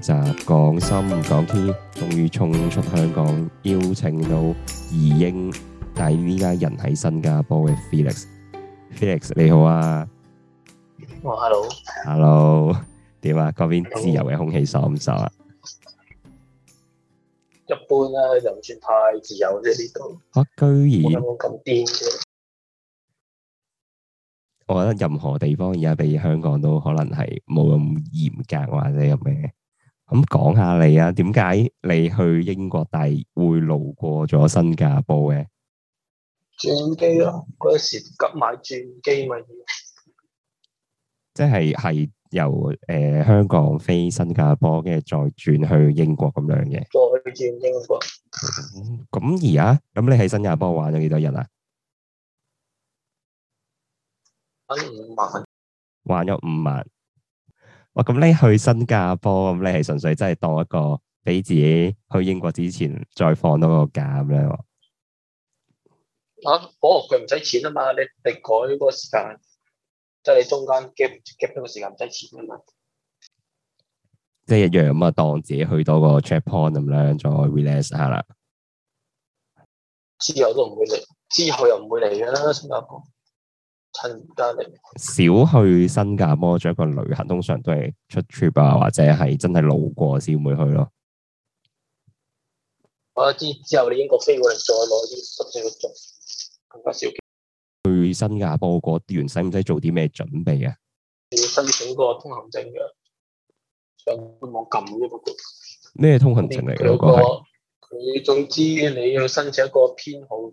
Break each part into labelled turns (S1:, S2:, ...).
S1: 集講心講堅，終於衝出香港，邀請到移英，但係呢家人喺新加坡嘅 Felix，Felix 你好啊，我 Hello，Hello，點啊？嗰邊自由嘅空氣爽唔爽啊？一般啦，又唔
S2: 算太自由
S1: 啫，呢度。居然有
S2: 冇咁癲嘅？
S1: 我覺得任何地方而家比香港都可能係冇咁嚴格或者咁嘅。咁講下你啊？點解你去英國但係會路過咗新加坡嘅
S2: 轉機咯？嗰時急買轉機咪要，
S1: 即係係由誒，香港飛新加坡，跟住再轉去英國咁樣嘅，
S2: 再轉英國。
S1: 咁而家咁你喺新加坡玩咗幾多日啊？玩
S2: 五晚，
S1: 玩咗五晚。哇！咁你去新加坡咁，你係純粹真係當一個俾自己去英國之前再放多個假咁樣。啊，
S2: 嗰個佢唔使錢啊嘛，你你改個時間，即係你中間 gap gap 咗個時間唔使錢啊嘛。
S1: 即係一樣咁啊，當自己去到個 check point 咁樣再 relax 下啦。
S2: 之後都唔會嚟，之後又唔會嚟噶啦新加坡。趁得
S1: 嚟，少去新加坡做一個旅行，通常都係出 trip 啊，或者係真係路過先會去咯。
S2: 我知之後你英國飛過嚟，再攞啲申請去做，更加
S1: 少。去新加坡嗰段使唔使做啲咩準備啊？
S2: 你要申請個通行證嘅，上官網撳呢個。
S1: 咩通行證嚟？嗰個
S2: 佢總之你要申請一個編、那個、號，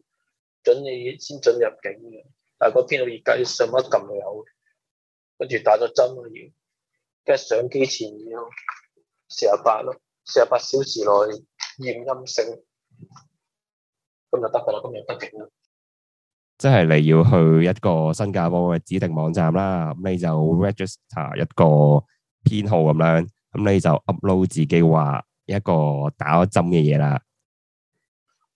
S2: 准你先進入境嘅。但係嗰度而家要上乜撳有，跟住打咗針，跟住上機前要四十八咯，四十八小時內驗陰性，咁就得噶啦，今日得嘅啦。
S1: 即係你要去一個新加坡嘅指定網站啦，咁你就 register 一個編號咁樣，咁你就 upload 自己話一個打咗針嘅嘢啦。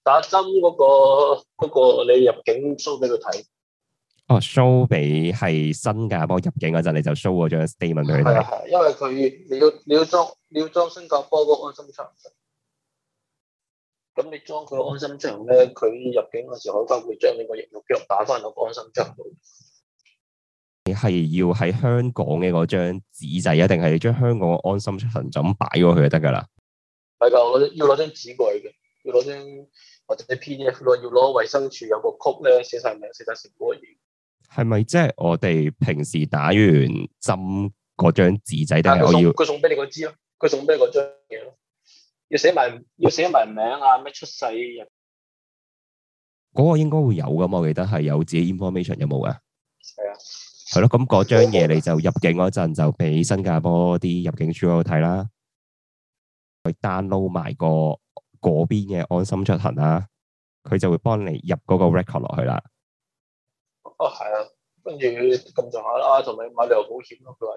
S2: 打針嗰、嗰個，嗰個、你入境 show 俾佢睇。
S1: 哦，show 俾係新加坡入境嗰陣，你就 show 嗰張 statement 俾佢。係啊，係，
S2: 因為佢你要你要裝你要裝新加坡嗰、嗯、個安心證。咁你裝佢個安心證咧，佢入境嗰時，海關會將你個疫苗腳打翻到個安心證
S1: 度。你係要喺香港嘅嗰張紙仔，一定係你將香港嘅安心出行就咁擺過去就得㗎啦？
S2: 係㗎，我要攞張紙過嚟嘅，要攞張或者你 P D F 咯，要攞衞生署有個曲咧，寫晒名、寫晒成個嘢。
S1: 係咪即係我哋平時打完針嗰張紙仔？都係我要佢
S2: 送俾你個支咯，佢送俾你個張嘢咯，要寫埋要寫埋名啊，咩出世人
S1: 嗰個應該會有噶嘛？我記得係有自己 information 有冇噶係啊，係咯，咁嗰張嘢你就入境嗰陣就俾新加坡啲入境處度睇啦，佢 download 埋個嗰邊嘅安心出行啦，佢就會幫你入嗰個 record 落去啦。
S2: 哦，係啊，跟住咁上下啦，同你買旅遊保險咯。佢話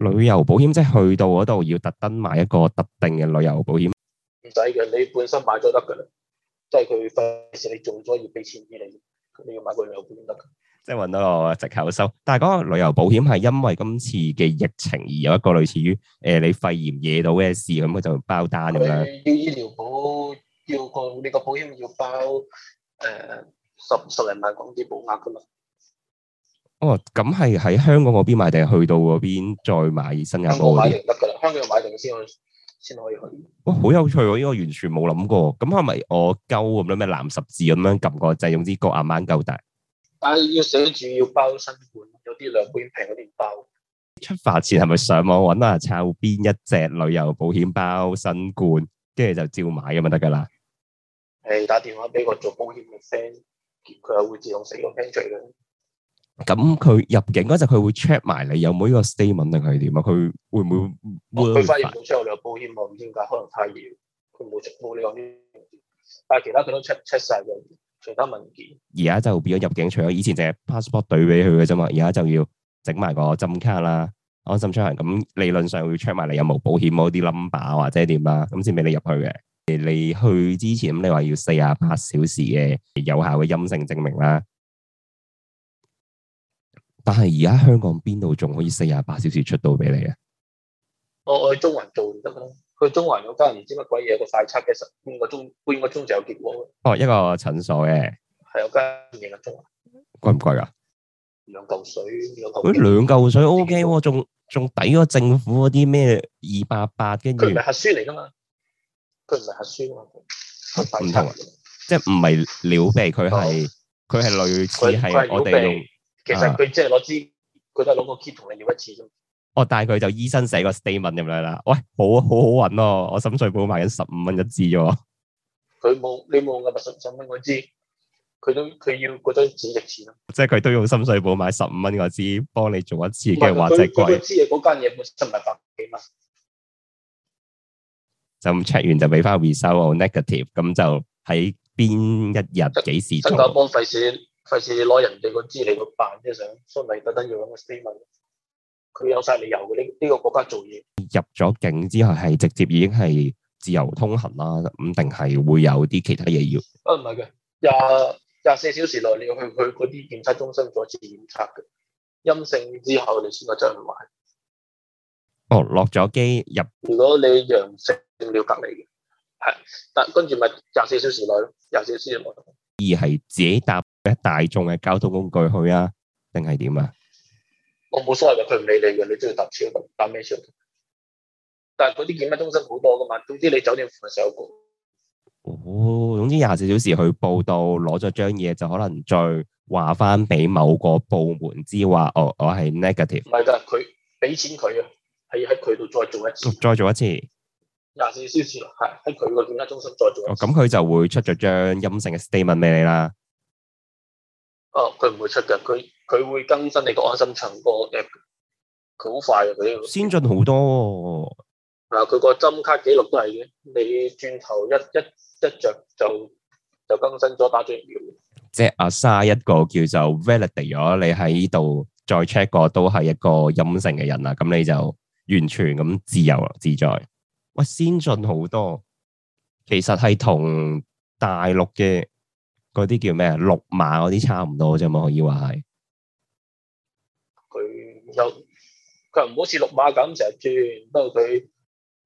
S2: 要
S1: 旅遊保險，即係去到嗰度要特登買一個特定嘅旅遊保險。唔
S2: 使嘅，你本身買咗得噶啦，即係佢費事你做咗要俾錢你，你要買個旅遊保險得㗎。
S1: 即係搵到個藉口收，但係嗰個旅遊保險係因為今次嘅疫情而有一個類似於誒你肺炎惹到嘅事，咁佢就包單咁樣。
S2: 醫療保要個你個保險要包誒。十
S1: 十零萬港紙保額噶嘛？哦，咁係喺香港嗰邊買定係去到嗰邊再買新加坡嘅？香港買定先可以，
S2: 先可以去。
S1: 哇、哦，好有趣喎！呢個完全冇諗過。咁係咪我夠咁咧？咩藍十字咁樣撳個掣，總之夠啱啱夠大。但
S2: 係要寫住要包新冠，有啲兩半平嗰
S1: 啲唔包。出發前係咪上網揾下，抄邊一隻旅遊保險包新冠，跟住就照買咁啊得噶啦？
S2: 誒、欸，打電話俾個做保險嘅 friend。佢又會
S1: 自動使用 entry 嘅。咁佢入境嗰陣，佢會 check 埋你有冇呢個 statement 定係點啊？佢會唔會？我佢發現咗 check
S2: 我有保險啊？唔知點解？可能太熱，佢冇冇呢樣。但係其他佢都 check check 晒嘅其
S1: 他文件。而家就變咗入境，除咗以前淨係 passport 對俾佢嘅啫嘛，而家就要整埋個針卡啦，安心出行。咁理論上要 check 埋你有冇保險啊，啲 number 或者點啊，咁先俾你入去嘅。你去之前，你話要四十八小時嘅有效嘅陰性證明啦。但係而家香港邊度仲可以四十八小時出到俾你啊？我、哦、
S2: 我去中環做得啦。去中環有間唔知乜鬼嘢，一個快測嘅實半個鐘半個鐘就有結果
S1: 咯。哦，一個診所嘅
S2: 係有間唔嘅
S1: 中環，貴唔貴噶？兩嚿水，兩嚿水 OK，仲、哦、仲抵過政府嗰啲咩二百八，跟住佢係咪核酸嚟噶嘛？佢唔係核酸的，唔同、啊，即係唔係撩鼻，佢係佢係類似係我哋。啊、其實佢即係攞支，佢、啊、都係攞個 k e y 同你
S2: 要一次啫。
S1: 我、哦、但佢就醫生寫個 statement 咁樣啦。喂，好好好揾哦，我深水埗買緊十五蚊一支啫。佢冇你冇五咪
S2: 十五蚊個支，佢都佢要覺得值
S1: 值錢咯？即係佢都用深水埗買十五蚊個支幫你做一次跟住嘅話就貴。佢是知
S2: 嘅嗰間嘢本身唔係百幾蚊。
S1: 就 check 完就俾翻 result negative，咁就喺邊一日幾時做？新加坡
S2: 費事費事攞人哋個資料去辦啫，想所以特登要搵個 statement。佢有晒理由嘅呢呢個國家做嘢。
S1: 入咗境之後係直接已經係自由通行啦，咁定係會有啲其他嘢要？
S2: 啊唔係嘅，廿廿四小時內你要去去嗰啲檢測中心再次檢測嘅，陰性之後你先可以出去買。
S1: 哦，落咗機入。
S2: 如果你陽性。點了隔離嘅，係，但跟住咪廿四小時內咯，廿四小時內。
S1: 而係自己搭一大眾嘅交通工具去啊，定係點啊？
S2: 我冇所謂嘅，佢唔理你嘅，你都要搭車，搭咩車？但係嗰啲檢疫中心好多噶嘛，總之你酒店附上
S1: 部。哦，總之廿四小時去報到，攞咗張嘢就可能再話翻俾某個部門知，話我我係 negative。唔
S2: 係噶，佢俾錢佢嘅，係喺佢度再做一
S1: 次，再做一次。
S2: 廿四小時係喺佢個檢測中心再做，哦，咁
S1: 佢就會出咗張陰性嘅 statement 俾你啦。
S2: 哦，佢唔會出嘅，佢佢會更新你個安心出行 app，佢好快呀佢。這
S1: 個、先進好多、
S2: 啊，嗱，佢個針卡記錄都係嘅，你轉頭一一一着就就更新咗打針
S1: 完。即係啊，卅一個叫做 valid 咗，你喺度再 check 過都係一個陰性嘅人啦，咁你就完全咁自由自在。喂，先進好多，其實係同大陸嘅嗰啲叫咩啊，綠馬嗰啲差唔多啫嘛，可以話係。
S2: 佢又佢唔好似綠馬咁成日轉，不過佢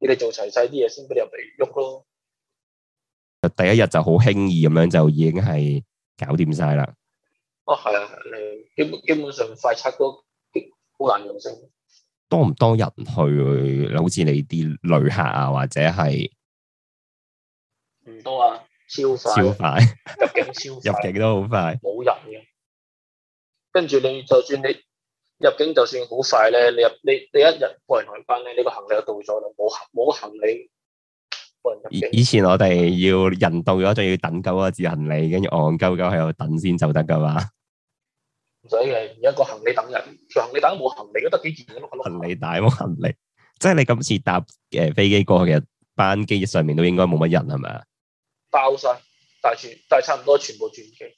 S2: 你哋做齊曬啲嘢先俾你入嚟喐
S1: 咯。第一日就好輕易咁樣就已經係搞掂晒啦。
S2: 哦，係啊，基基本上快測都好難用。成。
S1: 多唔多人去？好似你啲旅客啊，或者係
S2: 唔多啊，超快，超快，入境超快，入境都
S1: 好快，
S2: 冇人。跟住你就算你入境就算好快咧，你入你你一日冇人入翻咧，呢個行李到咗啦，冇冇行李冇人入境。以
S1: 前我哋要人到咗，仲要等夠個字行李，跟住戇鳩鳩喺度等先就得㗎嘛。
S2: 所以一個行李等人，行李等冇行李都得幾件行
S1: 李大冇行李，即係你今次搭嘅飛機過去嘅班機上面都應該冇乜人係咪啊？
S2: 包晒，但係全，差唔多全部轉機。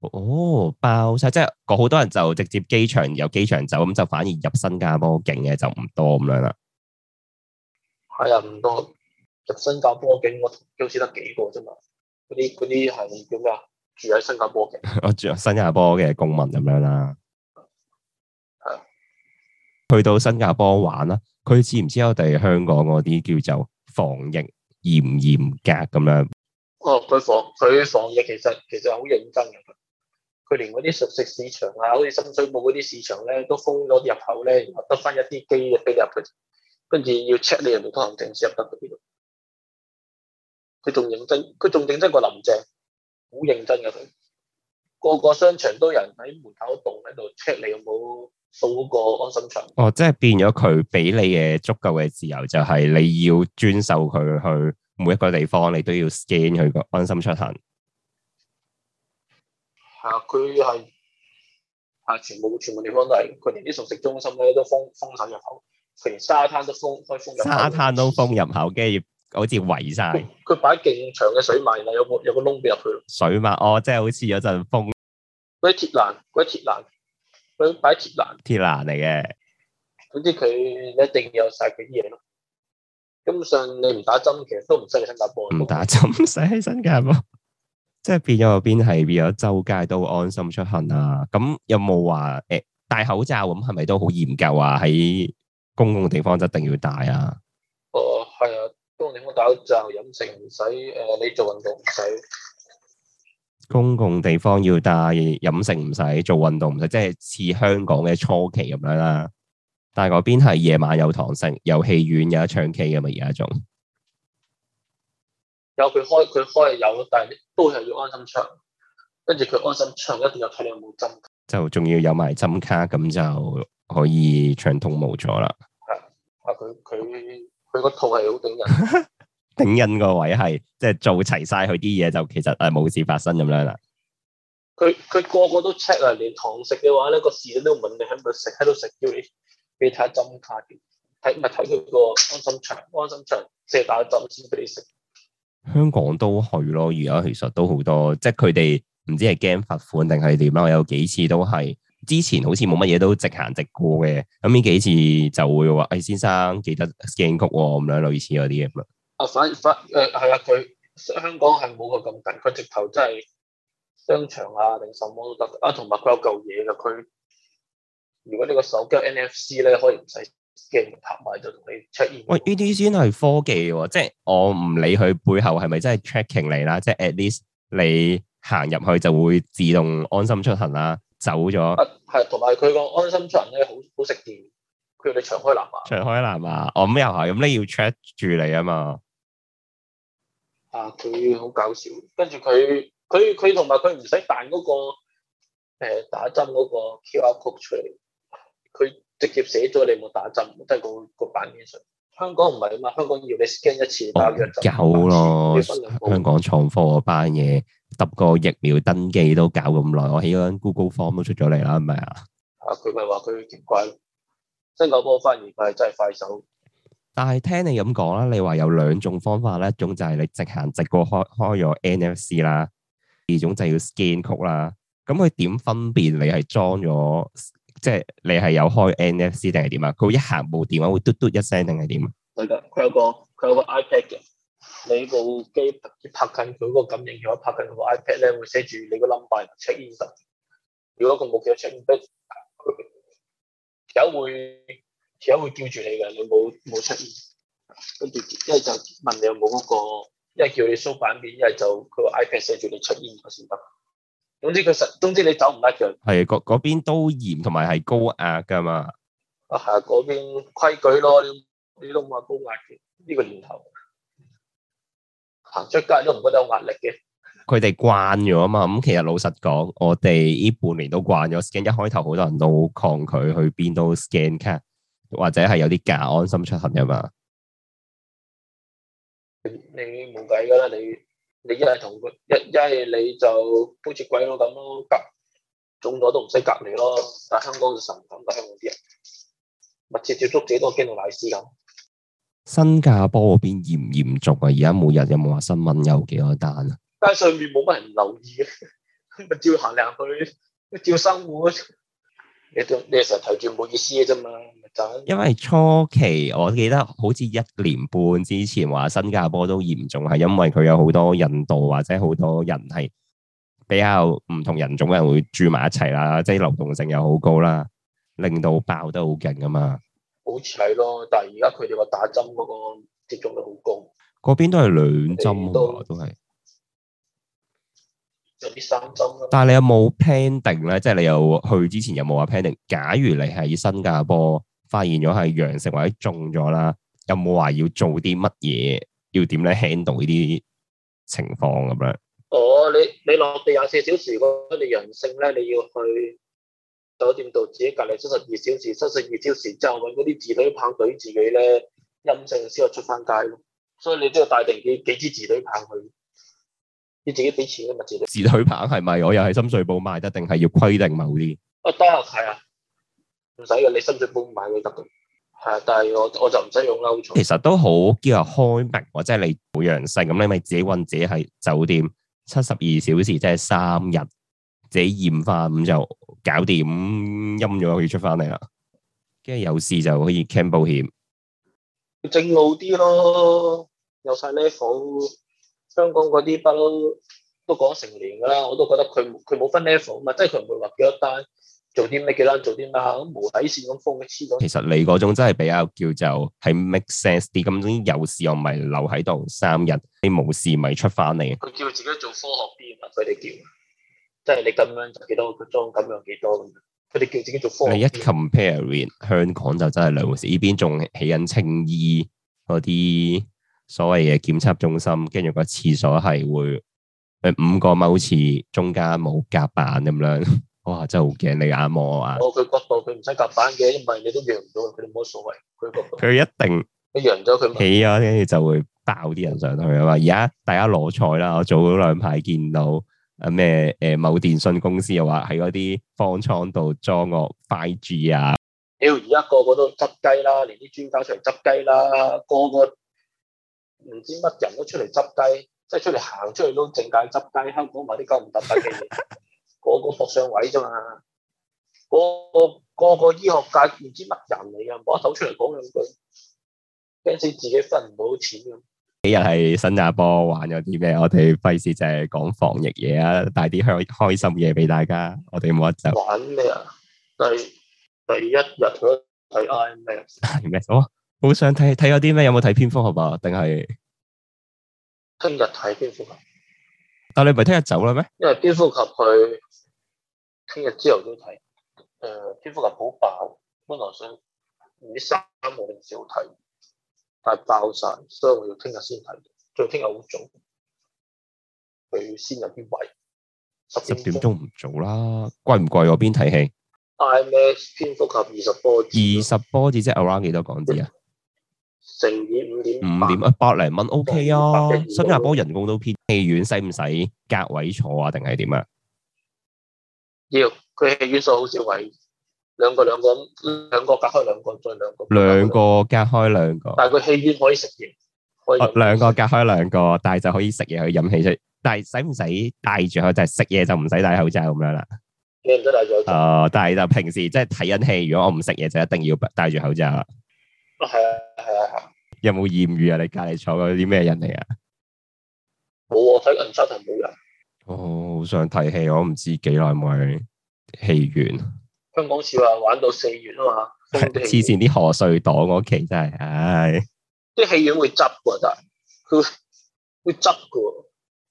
S1: 哦，包晒，即係好多人就直接機場由機場走，咁就反而入新加坡境嘅就唔多咁樣啦。
S2: 係啊，唔多入新加坡境，我都只得幾個啫嘛。嗰啲嗰啲係點噶？住喺新加坡嘅，
S1: 我住喺新加坡嘅公民咁樣啦。嗯、去到新加坡玩啦，佢知唔知我哋香港嗰啲叫做防疫嚴唔嚴格咁樣？哦，
S2: 佢防佢防疫其實其實好認真嘅。佢連嗰啲熟食市場啊，好似深水埗嗰啲市場咧，都封咗入口咧，得翻一啲機入俾你入嘅，跟住要 check 你入邊通行證先入得嗰邊。佢仲認真，佢仲認真過林鄭。好認真嘅，個個商場都有人喺門口棟喺度 check 你有冇掃嗰個安心場。
S1: 哦，即係變咗佢俾你嘅足夠嘅自由，就係、是、你要遵守佢去每一個地方，你都要 scan 佢個安心出行。
S2: 係啊，佢係，係、啊、全部全部地方都係，佢連啲熟食中心咧都封封緊入口，佢連沙灘都封開封。封入口沙
S1: 灘都封入口嘅。好似圍晒，
S2: 佢擺勁長嘅水馬，然後有個有個窿俾入去
S1: 水馬哦，即係好似有陣風。
S2: 嗰啲鐵欄，嗰啲鐵欄，佢擺鐵欄，
S1: 鐵欄嚟嘅。
S2: 總之佢一定有晒佢啲嘢咯。根本上你唔打針，其實都唔使去新加坡。唔
S1: 打針使喺新加坡， 即係變咗邊係變咗，周街都安心出行啊！咁有冇話誒戴口罩咁係咪都好嚴格啊？喺公共地方就一定要戴啊！
S2: 哦，係啊。
S1: 公共地方要戴口罩，飲食唔使，誒，你做運動唔使。公共地方要戴，飲食唔使、呃，做運動唔使，即係似香港嘅初期咁樣啦。但係嗰邊係夜晚有堂食，有戲院，有得唱 K 嘅嘛，而家仲
S2: 有佢開，佢開有，但係都係要安心唱。跟住佢安心唱，一定有睇你有冇針卡。
S1: 就仲要有埋針卡，咁就可以暢通無阻啦。啊
S2: 佢佢。佢個套係
S1: 好頂人， 頂人個位係即係做齊晒佢啲嘢，就其實誒冇事發生咁樣啦。
S2: 佢佢個個都 check 啊，連堂食嘅話咧，個侍應都問你喺唔喺食，喺度食，叫你你睇下針卡啲，睇咪睇佢個安心場、安心場，即係打針先俾你食。
S1: 香港都去咯，而家其實都好多，即係佢哋唔知係驚罰款定係點啊？我有幾次都係。之前好似冇乜嘢都直行直過嘅，咁呢幾次就會話，誒、哎，先生記得 scan 曲咁，哦、樣類似嗰啲咁啊，
S2: 反反誒係、呃、啊，佢香港係冇佢咁大，佢直頭真係商場啊，零售摩都得啊。同埋佢有嚿嘢噶。佢如果你個手機 NFC 咧，可以唔使 scan 拍埋就同你
S1: 出現。喂，呢啲先係科技喎，哦，即係我唔理佢背後係咪真係 tracking 嚟啦，即係 at least 你行入去就會自動安心出行啦。走咗，
S2: 係同埋佢個安心出行咧，好好食字，佢叫你長開藍
S1: 牙，長開藍牙，我咩又係咁，你要 check 住你啊嘛。
S2: 啊，佢好、啊啊、搞笑，跟住佢，佢佢同埋佢唔使辦嗰個誒、呃、打針嗰個 Q R code 出嚟，佢直接寫咗你冇打針，即、就、係、是嗰個、嗰個版面上。香港唔係啊嘛，香港要你 scan 一次打約。
S1: 哦、就有咯，了香港創科嗰班嘢。揼個疫苗登記都搞咁耐，我起咗個 Google Form 都出咗嚟啦，係咪啊？啊，
S2: 佢咪話佢極快，新加坡反而快，真係快手。
S1: 但係聽你咁講啦，你話有兩種方法咧，一種就係你直行直過開開咗 NFC 啦，第二種就要 Scan 曲啦。咁佢點分辨你係裝咗，即係你係有開 NFC 定係點啊？佢一行部電話會嘟嘟一聲定係點啊？係噶，
S2: 佢有個佢有個 iPad 嘅。你部機拍近佢嗰個感應，如果拍近個 iPad 咧，會寫住你個 number 出現得。如果個冇嘢出現，得，有會有會叫住你嘅，你冇冇出現，跟住一係就問你有冇嗰、嗰個，一係叫你 show 版面，一係就佢個 iPad 寫住你出現咗先得。總之佢實，總之你走唔甩嘅。
S1: 係，嗰嗰邊都嚴，同埋係高壓噶嘛。
S2: 啊，係嗰邊規矩咯，呢呢啲咁嘅高壓，呢、呢個年頭。行出街都唔覺得有壓力嘅，
S1: 佢哋慣咗啊嘛。咁其實老實講，我哋呢半年都慣咗 scan。一開頭好多人都抗拒去邊度 scan 卡，或者係有啲假安心出行嘅嘛。
S2: 你冇計㗎啦！你你一係同佢，一一係你就好似鬼佬咁咯，隔中咗都唔使隔離咯。但香港就神咁，但香港啲人密切接觸者都驚到瀨屎咁。
S1: 新加坡嗰邊嚴唔嚴重啊？而家每日有冇話新聞有幾多單啊？
S2: 但係上面冇乜人留意嘅，咪 照行嚟行去，照生活。 你同你成日睇住冇意思嘅啫嘛，咪就。
S1: 因為初期我記得好似一年半之前話新加坡都嚴重，係因為佢有好多印度或者好多人係比較唔同人種嘅人會住埋一齊啦，即係流動性又好高啦，令到爆得好勁㗎嘛。
S2: 好似係咯，但係而家佢哋話打針嗰個接種
S1: 率好高，嗰邊都係兩針啊，都係有啲三針。但係你有冇 plan 定咧？即係你有去之前有冇話 plan 定？假如你喺新加坡發現咗係陽性或者中咗啦，有冇話要做啲乜嘢？要點咧 handle 呢啲情況咁樣？哦，你
S2: 你落地廿四小時，你陽性咧，你要去酒店度自己隔離七十二小時，七十二小時之後搵嗰啲自腿棒對自己咧，陰性先可出翻街咯。所以你都要帶定幾幾支自腿棒去，你自己俾錢啊嘛自自
S1: 腿棒係咪？是是我又喺深水埗買得定係要規定某啲？
S2: 啊得係啊，唔使、啊、用你深水埗買都得嘅。係啊，但係我我就唔使用啦。
S1: 其實都好叫開明，或者係你冇陽性咁，你咪自己搵自己喺酒店七十二小時，即係三日自己驗化咁就。搞掂陰咗可以出翻嚟啦，跟住有事就可以 cancel 保險，
S2: 正路啲咯，有晒 level。香港嗰啲不嬲都講成年噶啦，我都覺得佢佢冇分 level 啊嘛，即係佢唔會話幾多單做啲咩幾多，做啲咩，咁無底線咁封嘅黐咗。其
S1: 實你嗰種真係比較叫做係 make sense 啲，咁總之有事我咪留喺度三日，你冇事咪出翻嚟。佢
S2: 叫自己做科學啲啊，佢哋叫。即係你咁樣幾多個裝，咁樣幾
S1: 多咁樣，佢哋叫自己做科。你一 compare in 香港就真係兩回事，呢邊仲起緊青衣嗰啲所謂嘅檢測中心，跟住個廁所係會誒五個踎廁中間冇夾板咁樣，哇真係好驚你眼膜啊！哦，佢角度佢
S2: 唔使夾板嘅，因為你都揚唔到，佢哋冇乜所謂。佢佢一定一
S1: 揚咗佢起咗，跟住就會爆啲人上去啊嘛！而家大家攞彩啦，我早兩排見到。啊咩？誒、呃，某電信公司又話喺嗰啲方艙度裝個 5G 啊！妖，
S2: 而家個個都執雞啦，連啲專家出嚟執雞啦，個個唔知乜人都出嚟執雞，即係出嚟行出嚟都淨係執雞。香港賣啲九唔搭八嘅嘢， 個個搏上位啫嘛。個個個個醫學界唔知乜人嚟噶，唔可以走出嚟講兩句，驚死自己分唔到錢咁。
S1: 幾日係新加坡玩咗啲咩？我哋費事就係講防疫嘢啊，帶啲開開心嘢俾大家。我哋冇得走，玩
S2: 咩啊？第一第一日睇 IMAX，IMAX
S1: 好想睇睇有啲咩？有冇睇蝙蝠俠啊？定係
S2: 聽日睇蝙蝠俠？
S1: 但你唔係聽日走啦咩？因
S2: 為蝙蝠俠佢聽日朝後先睇。誒、呃，蝙蝠俠好爆，本來想呢三部都照睇。但爆晒，所以我要聽日先睇。再聽日好早，佢先有啲位。
S1: 十點鐘唔早啦，貴唔貴？我邊睇戲
S2: ？IMAX 蝙蝠俠二十波子，
S1: 二十波子即係 around 幾多港幣啊？乘以五點五點百零蚊 OK 啊！新、okay 啊、加坡人工都偏貴，戲院使唔使隔位坐啊？定係點啊？
S2: 要，佢戲院數好少位。兩個
S1: 兩個，兩個隔開兩個，再兩個。兩個
S2: 隔開兩個。但係個戲院
S1: 可以食嘢，可以。兩個隔開兩個，但係就可以食嘢去飲汽水，但係使唔使戴住口罩？佢就係食嘢就唔使戴口罩咁樣啦。你
S2: 唔使戴住。
S1: 哦，但係就平時即係睇緊戲。如果我唔食嘢，就一定要戴住口罩。啊，係啊，
S2: 係啊，係啊。
S1: 有冇艷遇啊？你隔籬坐嗰啲咩人嚟啊？
S2: 冇啊，睇銀沙
S1: 就冇人。我好想睇戲，我唔知幾耐冇戲院。
S2: 香港似話玩到四月
S1: 啊嘛，黐綫啲賀歲檔我企真係，唉、哎！
S2: 啲戲院會執嘅咋，佢會執嘅，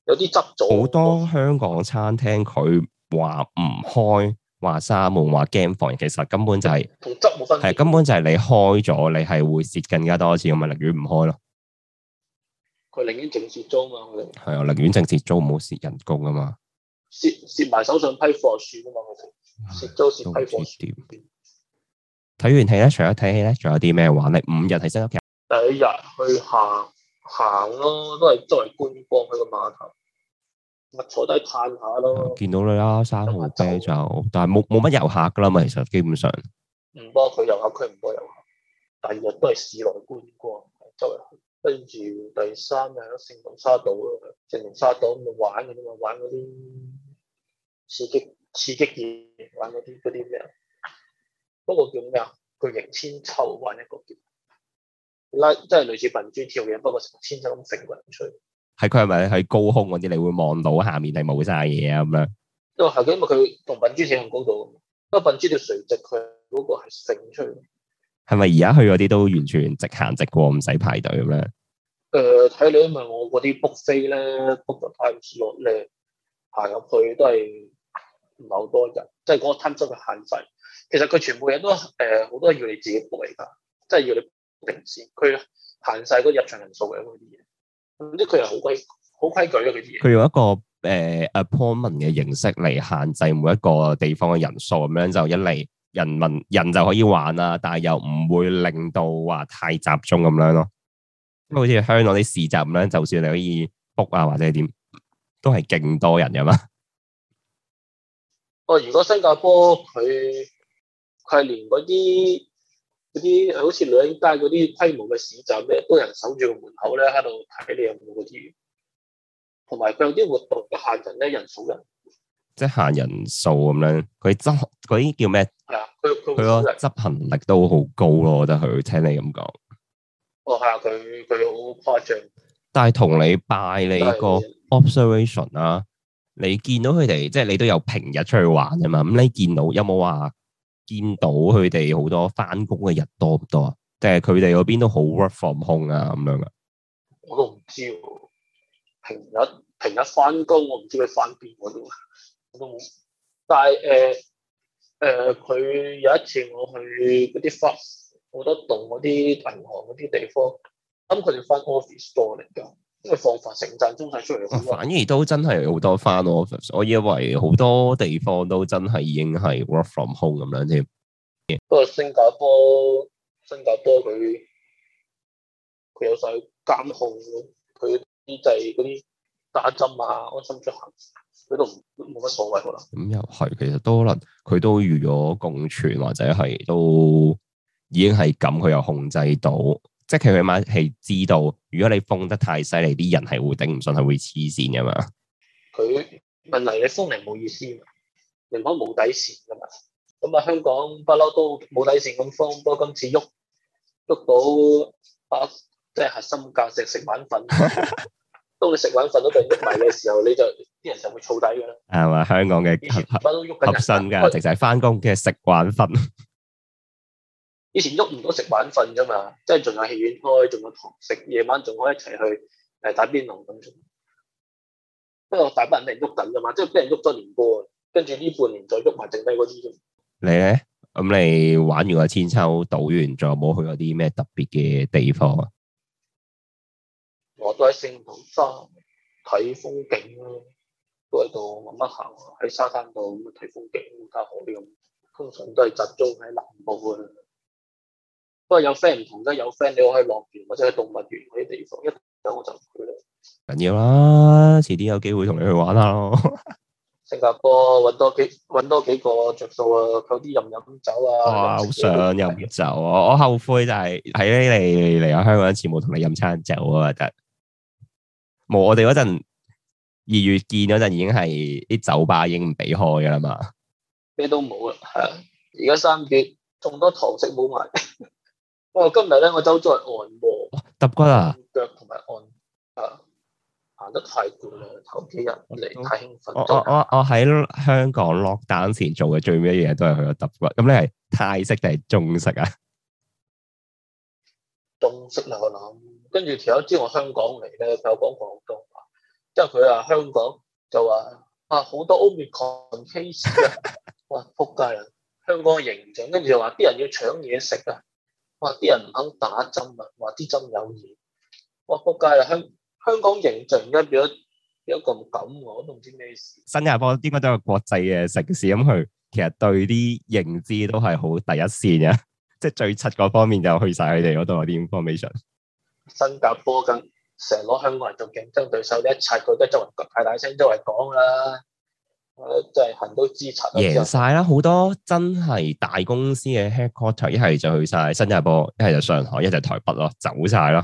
S2: 有啲執
S1: 咗。好多香港餐廳佢話唔開，話閂門，話驚防疫，其實根本就係同執冇分。係根本就係你開咗，你係會蝕更加多錢，咁咪寧願唔開咯。佢寧
S2: 願淨蝕租啊
S1: 嘛，係啊，寧願淨蝕租唔好蝕人工啊嘛，蝕
S2: 蝕埋手上批貨算啊嘛。食粥睇
S1: 貨睇完戲咧，除咗睇戲咧，仲有啲咩玩咧？五日睇新屋企，
S2: 第一日去行行咯，都係都係觀光去個碼頭，咪坐低嘆下咯、啊。
S1: 見到你啦，三號啤酒，但係冇冇乜遊客噶啦，其實基本上。
S2: 唔多遊客，佢遊客區唔多遊客。第二日都係市內觀光，周圍跟住第三日喺聖龍沙島咯，聖龍沙島咁咪玩噶啫玩嗰啲刺激。刺激啲，玩嗰啲啲咩？不過叫咩啊？巨型千秋玩一個叫拉，即係類似笨豬跳嘅，是是不過從千秋升滾出嚟。
S1: 係佢係咪喺高空嗰啲？你會望到下面係冇晒嘢啊？咁樣
S2: 都係因為佢同笨豬跳喺高度，不過笨豬跳垂直，佢嗰個係升出嚟。
S1: 係咪而家去嗰啲都完全直行直過，唔使排隊咁樣？
S2: 誒、呃，睇你因為我嗰啲 book 飛咧，book 咧，行入去都係。唔係好多人，即係嗰個貪心嘅限制。其實佢全部嘢都誒好、呃、多要你自己 book 嚟㗎，即、就、係、是、要你定先。佢限晒嗰入場人數咁啲嘢，總之
S1: 佢係好規好規矩嘅，佢用一個誒、呃、appointment 嘅形式嚟限制每一個地方嘅人數咁樣，就一嚟人民人就可以玩啦，但係又唔會令到話太集中咁樣咯。咁好似香港啲市集咁樣，就算你可以 book 啊或者點，都係勁多人嘅嘛。
S2: 哦，如果新加坡佢佢係連嗰啲啲好似女人街嗰啲規模嘅市集，咧，都有人守住個門口咧，喺度睇你有冇嗰啲，同埋佢有啲活動限人咧，人數人，
S1: 即係限人數咁咧，佢執嗰啲叫咩？嗱，啊，佢佢執行力都好高咯，我覺得佢聽你咁講。
S2: 哦，係啊，佢佢好誇張，
S1: 但係同你拜你個 observation 是啊。你見到佢哋，即係你都有平日出去玩啊嘛？咁你見到有冇話見到佢哋好多翻工嘅人多唔多啊？定係佢哋嗰邊都好 work from home 啊咁樣噶？
S2: 我都唔知喎，平日平日翻工我唔知佢翻邊度我都冇。但係誒誒，佢，呃呃、有一次我去嗰啲花好多棟嗰啲銀行嗰啲地方，咁佢哋翻 office store 嚟噶。因為放法成陣中晒
S1: 出嚟，反而都真係好多翻 office。我我以為好多地方都真係已經係 work from home 咁樣添。
S2: 不過新加坡，新加坡佢佢有晒監控，佢啲制嗰啲打針啊、安心出行，佢都冇乜所謂，
S1: 可能咁又係，其實都可能佢都預咗共存，或者係都已經係咁，佢又控制到。即係佢起碼係知道，如果你封得太犀利，啲人係會頂唔順，係會黐線噶嘛。
S2: 佢問題你封嚟，冇意思，另外冇底線噶嘛。咁啊，香港不嬲都冇底線咁封，不過今次喐喐到百，即係核心價值食碗粉。粉 當你食碗粉都突然間一迷嘅時候，你就啲人就會燥底噶
S1: 啦。係嘛，香港嘅乜都喐緊，核心嘅淨係翻工嘅食碗粉。
S2: 以前喐唔到食晚瞓㗎嘛，即係仲有戲院開，仲有堂食夜晚，仲可以一齊去誒打邊爐咁。不過大部人都喐緊㗎嘛，即係俾人喐咗年半，跟住呢半年再喐埋，剩低嗰啲啫。你
S1: 咧咁？你玩完個千秋，賭完，仲有冇去過啲咩特別嘅地方
S2: 啊？我都喺聖淘沙睇風景咯，都喺度慢慢行喺沙灘度咁睇風景好啲咁，通常都係集中喺南部嘅。不過有 friend 唔同
S1: 啫，有 friend 你我去樂園或者去動物園嗰啲地方，一走就去咧。緊要啦，遲啲有機會同你去玩下咯。 新加坡搵多幾
S2: 搵多幾個着數啊，佢啲飲唔飲酒啊？哇、哦，好想
S1: 飲酒啊！對我後悔就係喺你嚟嚟香港，一次冇同你飲餐酒啊！得、就、冇、是，我哋嗰陣二月見嗰陣已經係啲酒吧已經唔俾開噶啦嘛，
S2: 咩都冇啦，係啊！而家三月仲多堂食冇埋。 我、哦、今日咧，我走咗去按
S1: 摩，揼骨啊！
S2: 腳同埋按啊，行得太攰啦。頭幾日我嚟
S1: 太興奮我以。我我我喺香港落蛋前做嘅最尾一樣都係去咗揼骨。咁你係泰式定係中式啊？
S2: 中式啊，我諗。跟住前一知我香港嚟咧，佢有講廣東話，即係佢話香港就話啊好多 Omicron case 啊，很多啊 哇扑街啊！香港嘅形象，跟住就話、是、啲人要搶嘢食啊！話啲人唔肯打針啊！話啲針有嘢，哇！扑街啊！香香港形象而家變咗變咗咁咁我都唔知咩
S1: 事。新加坡應該都係國際嘅城市，咁佢其實對啲認知都係好第一線嘅，即係最七嗰方面就去晒佢哋嗰度啲 information。
S2: 新加坡咁成日攞香港人做競爭對手一，一七佢都周圍大大聲周圍講啦。就係行到資產贏
S1: 晒啦，好多真係大公司嘅 headquarter，一係就去晒新加坡，一係就上海，一就台北咯，走晒咯，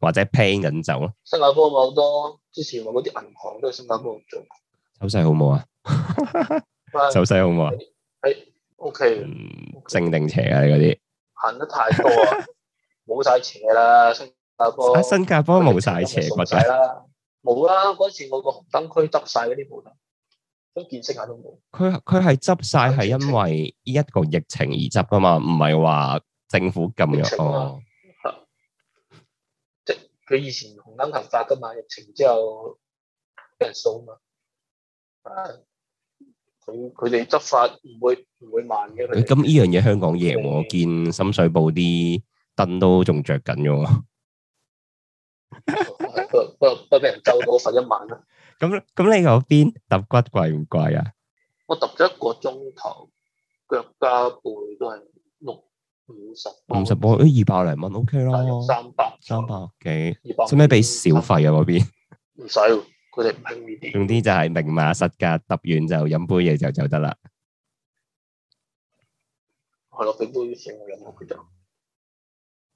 S1: 或者 plan 緊走咯。
S2: 新加坡咪好多之前我嗰啲銀行都喺新加坡做，
S1: 走晒好唔好啊？走晒好唔好啊？
S2: 係、哎、OK，、嗯、okay
S1: 正定邪啊？你嗰啲
S2: 行得太多啊，冇晒邪啦，新加坡、啊、新
S1: 加坡冇晒邪，冇啦，冇啦，嗰
S2: 時我個紅燈區執晒嗰啲冇。都見識下都
S1: 冇。佢佢係執晒，係因為依一個疫情而執噶嘛，唔係話政府禁藥咯。即
S2: 佢、啊哦、以前紅燈行發噶嘛，疫情之後俾人掃嘛。啊，佢佢哋執法唔會唔會慢嘅。咁
S1: 呢樣嘢香港夜喎，們我見深水埗啲燈都仲着緊嘅喎。
S2: 不不不，俾人周到我罰一晚啦～
S1: 咁咁你嗰邊揼骨貴唔貴啊？
S2: 我揼咗一個鐘頭，腳加背都係六五十，
S1: 五十我誒二百零蚊 O K
S2: 咯，三百三百
S1: 幾，使唔使俾小費啊？嗰邊唔使，
S2: 佢哋唔興呢啲，
S1: 用啲就係明碼實價，揼完就飲杯嘢就走得啦。
S2: 係咯，飲杯嘢就飲就得。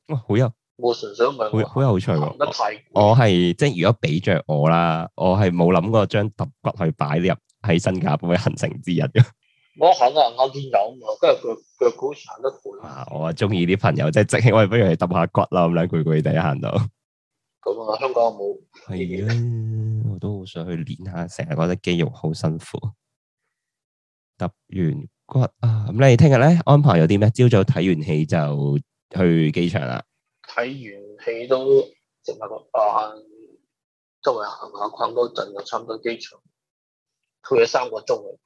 S2: 哇，好啊！我純粹唔係好，好有趣喎！
S1: 我係即係如果俾着我啦，我係冇諗過將揼骨去擺入喺新加坡嘅行程之一嘅。我
S2: 肯啊，啊，我見有跟住腳腳骨好得過啦。
S1: 我中意啲朋友即係即興，我哋不如嚟揼下骨啦，咁樣攰攰地行到。
S2: 咁啊，香港冇
S1: 係我都好想去練下，成日覺得肌肉好辛苦。揼完骨啊！咁你聽日咧，安排有啲咩？朝早睇完戲就去機場啦。
S2: 睇完戲都食下個飯，啊，周圍行下逛多陣，就差唔多機場，去咗三個鐘嚟，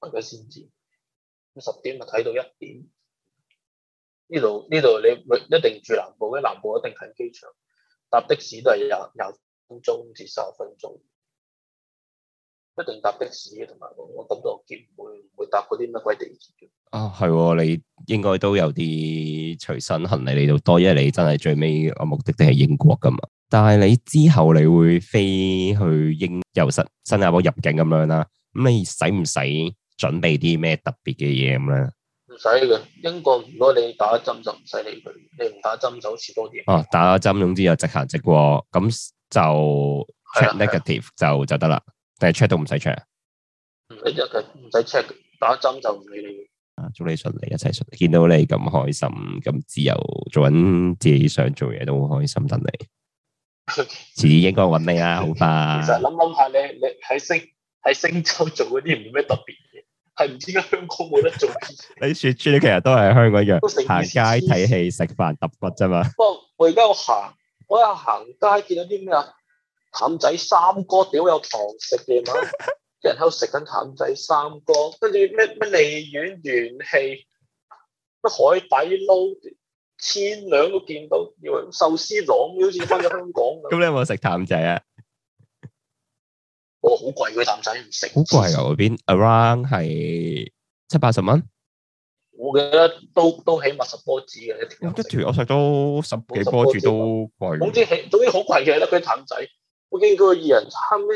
S2: 睇佢先知。十點咪睇到一點，呢度呢度你一定住南部嘅，南部一定喺機場，搭的士都係廿廿分鐘至三十分鐘，一定搭的士，同埋我我感覺見唔會唔會搭嗰啲乜鬼地鐵嘅。啊、哦，
S1: 係喎你。應該都有啲隨身行李嚟到多，因為你真係最尾個目的地係英國噶嘛。但係你之後你會飛去英，由新加坡入境咁樣啦，咁你使唔使準備啲咩特別嘅嘢咁咧？唔使嘅，英國
S2: 如果你打針就唔使理佢，你唔打針就好似多啲。哦、
S1: 啊，打針總之又直行直過，咁就 check negative，就就得啦，定係 check 都唔使 check？唔
S2: 使 check，打針就唔理你。
S1: 祝你順利，一齊順利。見到你咁開心，咁自由，做緊自己想做嘢都好開心。等你，只應該揾你啊，好嘛？ 其實諗
S2: 諗下咧，你喺星喺星洲做嗰啲唔咩特別嘢，係唔知點解香港冇得做。
S1: 你說，你其實都係香港人，行街睇戲食飯揼骨啫嘛。
S2: 不過我而家行，我而家行街見到啲咩啊？淡仔三哥屌有糖食嘅嘛。 人喺度食緊譚仔三哥，跟住咩咩利苑元氣，乜海底撈，千兩都見到，以為壽司郎好似翻咗香港。
S1: 咁 你有冇食譚仔啊？
S2: 我好貴嗰
S1: 譚仔唔食，好貴啊！嗰邊 around 係七八十蚊，
S2: 我記得都都起碼十波紙嘅。一
S1: 碟我食都十幾波紙都貴，總之
S2: 起總之好貴嘅，得佢譚仔。我見嗰二人餐唔、啊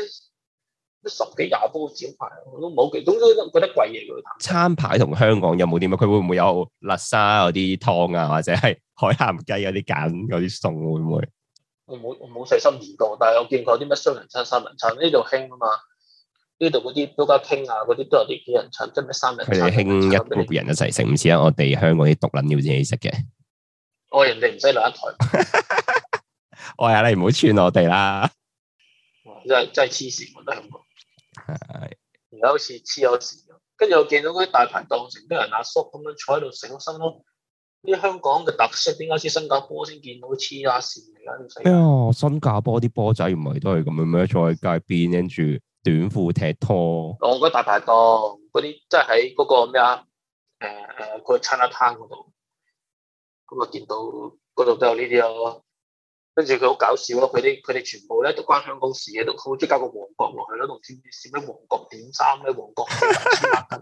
S2: 十幾廿煲招牌，我都冇，始終都覺得貴嘢嘅。
S1: 餐牌同香港有冇啲咩？佢會唔會有叻沙嗰啲湯啊，或者係海南雞嗰啲揀嗰啲餸會唔會？
S2: 我冇，我冇細心研究，但係我見過啲咩雙人餐、三人餐，呢度興啊嘛。呢度嗰啲都加傾啊，嗰啲都有啲幾人，人餐，即係咩三人。佢哋興一股
S1: 人一齊食，唔似些我哋香港啲獨撚要自己食嘅。
S2: 我、哦、人哋唔使留一台， 哎、呀，
S1: 我呀你唔好串我哋啦。
S2: 真係真係黐線，我都 係，而家好似黐咗線，跟住我見到嗰啲大排檔成堆人，阿叔咁樣坐喺度食生撈，呢香港嘅特色，點解似新加坡先見到？黐咗線，而
S1: 家新加坡啲波仔唔係都係咁樣咩？坐喺街邊，跟住短褲踢拖。
S2: 我覺得大排檔嗰啲，即係喺嗰個咩啊？誒、呃、誒，嗰個餐攤嗰度，咁啊見到嗰度都有呢啲咯。跟住佢好搞笑咯，佢啲佢哋全部咧都關香港事嘅，都好中意加個旺角落去咯，仲知唔知咩旺角點心咧、旺角燒臘緊？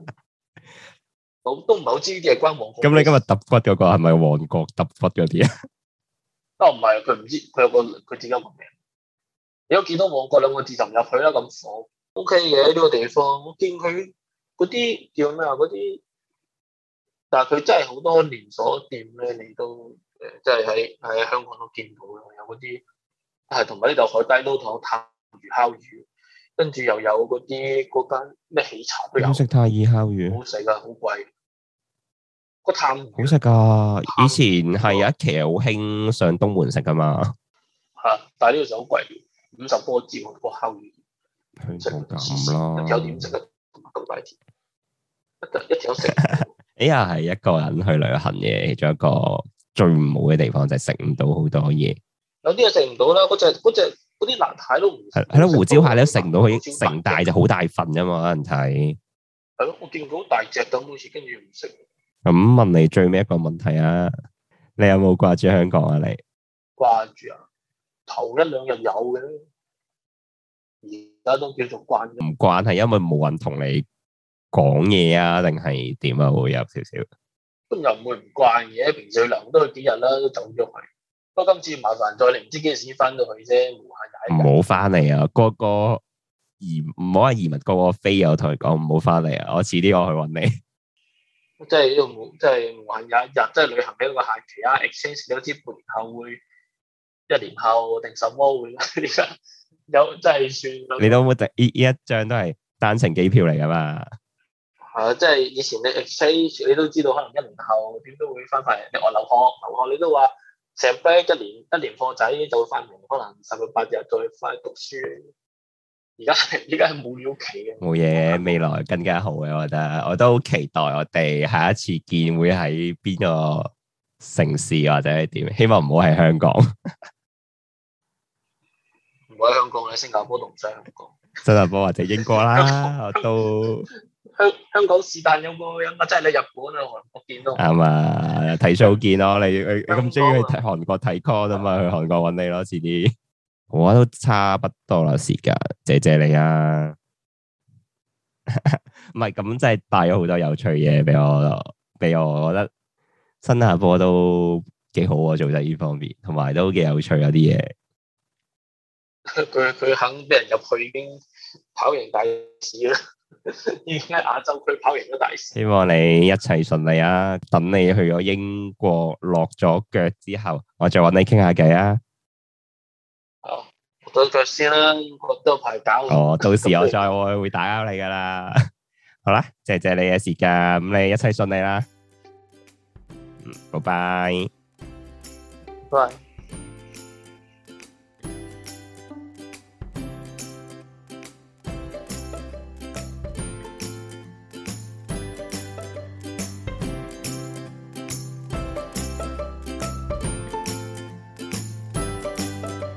S2: 好 都唔係好知呢啲係關旺角。咁你今
S1: 日揼骨嗰個係咪旺角揼骨嗰啲啊？都
S2: 唔係，佢唔知佢有個佢自己名，有幾多旺角兩個字入入去啦？咁火 OK 嘅呢、呢個地方，我見佢嗰啲叫咩啊？嗰啲，但係佢真係好多連鎖店咧，你都～即係喺喺香港都見到嘅有嗰啲係同埋呢度海底撈糖探魚烤魚，跟住又有嗰啲
S1: 嗰間咩喜茶，好食、嗯、太二烤魚，好好食噶，好貴個、探魚好貴個探魚，好食噶，以前係有一期好興上東門食噶嘛，
S2: 吓、嗯，但係呢度就好貴，五十波蕉、個烤魚，食咁啦，有啲食得
S1: 咁
S2: 大碟，一一條
S1: 食， 哎呀，係一個人去旅行嘅其中一個。最唔好嘅地方就係食唔到好多嘢，有啲嘢
S2: 食唔到啦。嗰隻嗰隻嗰啲辣
S1: 蟹都唔係咯，的胡椒蟹你都食唔到，佢成大椒就好大份噶嘛，可能睇係咯，
S2: 我見到大隻，咁好似跟
S1: 住唔食。咁問你最尾一個問題啊，你有冇掛住香港啊？你
S2: 掛住啊，頭一兩日有嘅，而家都叫做慣。唔
S1: 慣係因為冇人同你講嘢啊，定係點啊？會有少少。
S2: 又唔會唔慣嘅，平時去留多幾日啦，都走咗去、啊那個。不過今次麻煩再嚟唔知幾時翻到去啫，無限
S1: 廿一日。冇翻嚟啊，個個移唔好話移民，個、那個飛又同佢講唔好翻嚟啊。我遲啲我，我遲去揾你。
S2: 即係即係無限一日，即、就、係、是就是、旅行一個限期啊。Exchange 你都知半年後會，一年後定什麼會？ 有真係算。你都
S1: 冇就呢依一張都係單程機票嚟㗎嘛？
S2: 誒、啊，即係以前你 exchange 你都知道可能一年後點都會翻返嚟，外留學，留學你都話成班一年一年課仔就，就會翻嚟，可能十日八日再翻去讀書。而家係，而家係冇了期嘅。
S1: 冇嘢，未來更加好嘅，我覺得，我都好期待我哋下一次見會喺邊個城市或者係點，希望唔好喺香港。
S2: 唔好喺香港喺 新加坡同唔使香
S1: 港。新加坡或者英國啦， 我都。香港有有的是但有冇有冇真係去日本啊？我我見到啱啊。睇數見咯、嗯，你你咁中意去睇韓國睇 call 啊嘛？嗯、去韓國揾你咯，遲啲我都差不多啦，時間，謝謝你啊！唔係咁，真係帶咗好多有趣嘢俾我，俾我，我覺得新加坡都幾好啊！做咗呢方面，同埋都幾有趣嗰啲嘢。
S2: 佢佢肯俾人入去已經跑贏大市啦。已亞洲區跑咗大事，希
S1: 望你一切順利啊！等你去咗英國落咗腳之後，我再揾你傾下偈啊！好，落咗腳先啦，都排搞，到時我再會會打擾你噶啦。嗯、好啦，謝謝你嘅時間，咁你一切順利啦。嗯，拜拜。